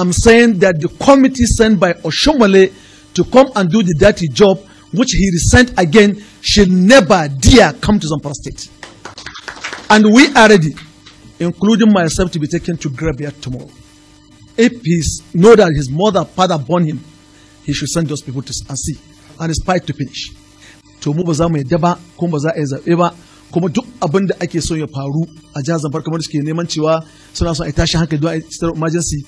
I'm saying that the committee sent by Oshomole to come and do the dirty job, which he resent again, should never dare come to Zamfara State. And we are ready, including myself, to be taken to graveyard tomorrow. If he know that his mother, father born him, he should send those people to and see, and his fight to finish. To move us za mu come. kuma duk abin da ake so ya faru a jihar Zamfara kamar da suke neman cewa suna son a tashi hankali don a emergency